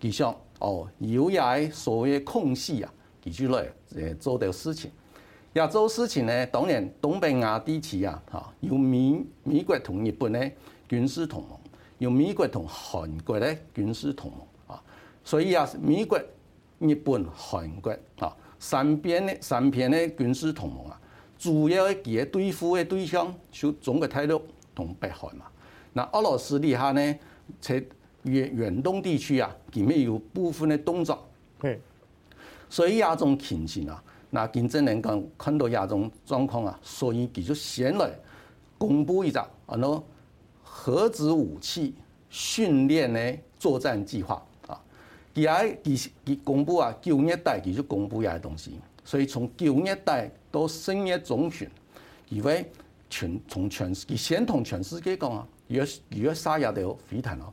其實，哦，有也喺所謂嘅空隙啊，記住嚟誒做啲事情。又做事情咧，當然東北亞地區啊，嚇，由美美國同日本咧軍事同盟，由美國同韓國咧軍事同盟啊，所以啊，美國、日本、韓國啊，三邊咧三邊咧軍事同盟啊，主要嘅對付嘅對象就中國大陸同北韓嘛。那俄羅斯底下咧，且。遠東地區啊，裏面有部分的動作，所以亞中情形啊，那金正能夠看到亞中狀況啊，所以佢就先來公布一張，啊，喏，核子武器訓練的作戰計劃啊，佢還佢佢公布啊，九月帶佢就公布一些東西，所以從九月帶到十月中旬，以為全從全，全，全世界先同全世界講啊，越越沙啞的會談咯。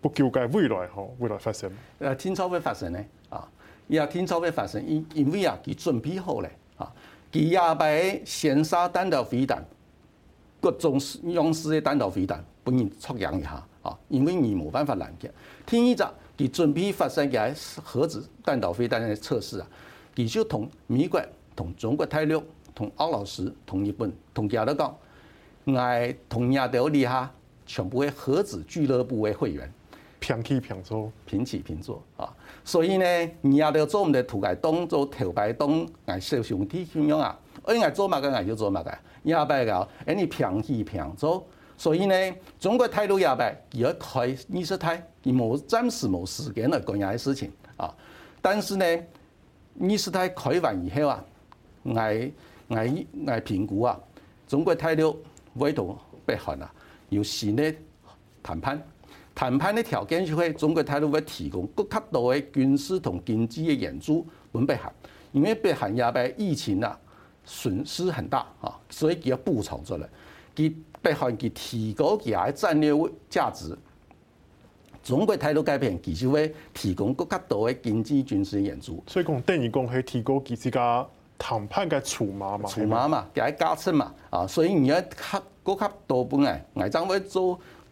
不糾結未來吼，未來發生。呃，天朝會發生呢，啊！也天朝會發生，因因為啊，佢準備好咧，啊！佢也的先沙彈道飛彈，各種用單樣式的彈道飛彈，幫人策樣一下，啊！因為你沒辦法攔截。天一早佢準備發生嘅核子彈道飛彈的測試啊，佢就同美國、同中國大陸、同俄羅斯、同日本、同加的講，挨同樣道理哈，全部嘅核子俱樂部嘅會員。平起平坐，平起平坐啊！所以呢，你也得做唔到土改東，做土改東，挨上上天咁樣啊！我應該做嘛噶，我應該做嘛噶。也白搞，哎，你平起平坐，所以呢，中國態度也白，如果開伊時態，伊冇暫時冇時間來幹呀啲事情啊。但是呢，伊時態開完以後啊，挨挨挨評估啊，中國態度會同北韓啊，有新的談判。談判的條件是去，中國態度會提供更加多嘅軍，軍事同經濟嘅援助，唔北韓因為北韓也俾疫情啊，損失很大啊，所以佢要補償出來，佢北韓佢提高佢阿啲戰略位價值，中國態度改變佢就會提供更加多嘅經濟軍事援助。所以講等於講係提高佢自個談判嘅籌碼嘛，籌碼嘛，加加成嘛，啊，所以而要級更加多本嚟危張威做。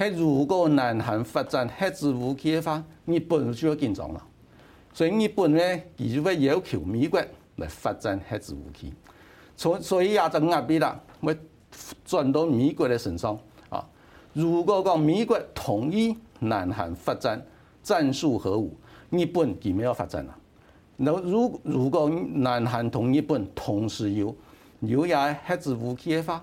喺如果南韓發展核子武器嘅話，日本就要緊張啦。所以日本咧，佢就會要，要求美國嚟發展核子武器。所所以呀，就壓逼啦，會轉到美國嘅身上。啊，如果講美國同意南韓發展戰術核武，日本就冇要發展啦。如如果南韓同日本同時有有嘢核子武器嘅話。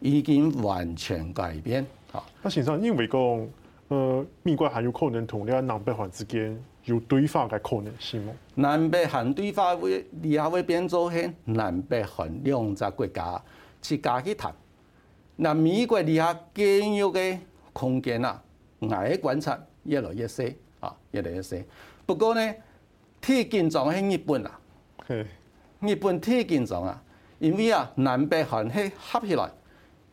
已經完全改變啊！阿、嗯、先因為講，呃，美國還有可能同了南北韓之間有對話的可能，是嗎？南北韓對話會，會變做南北韓兩隻國家去家去談。那美國你下更有嘅空間啦，挨喺觀察越越，越來越少啊，越來越少。不過呢，太緊張喺日本啦，Okay. 日本太緊張啊，因為啊，南北韓係合起來。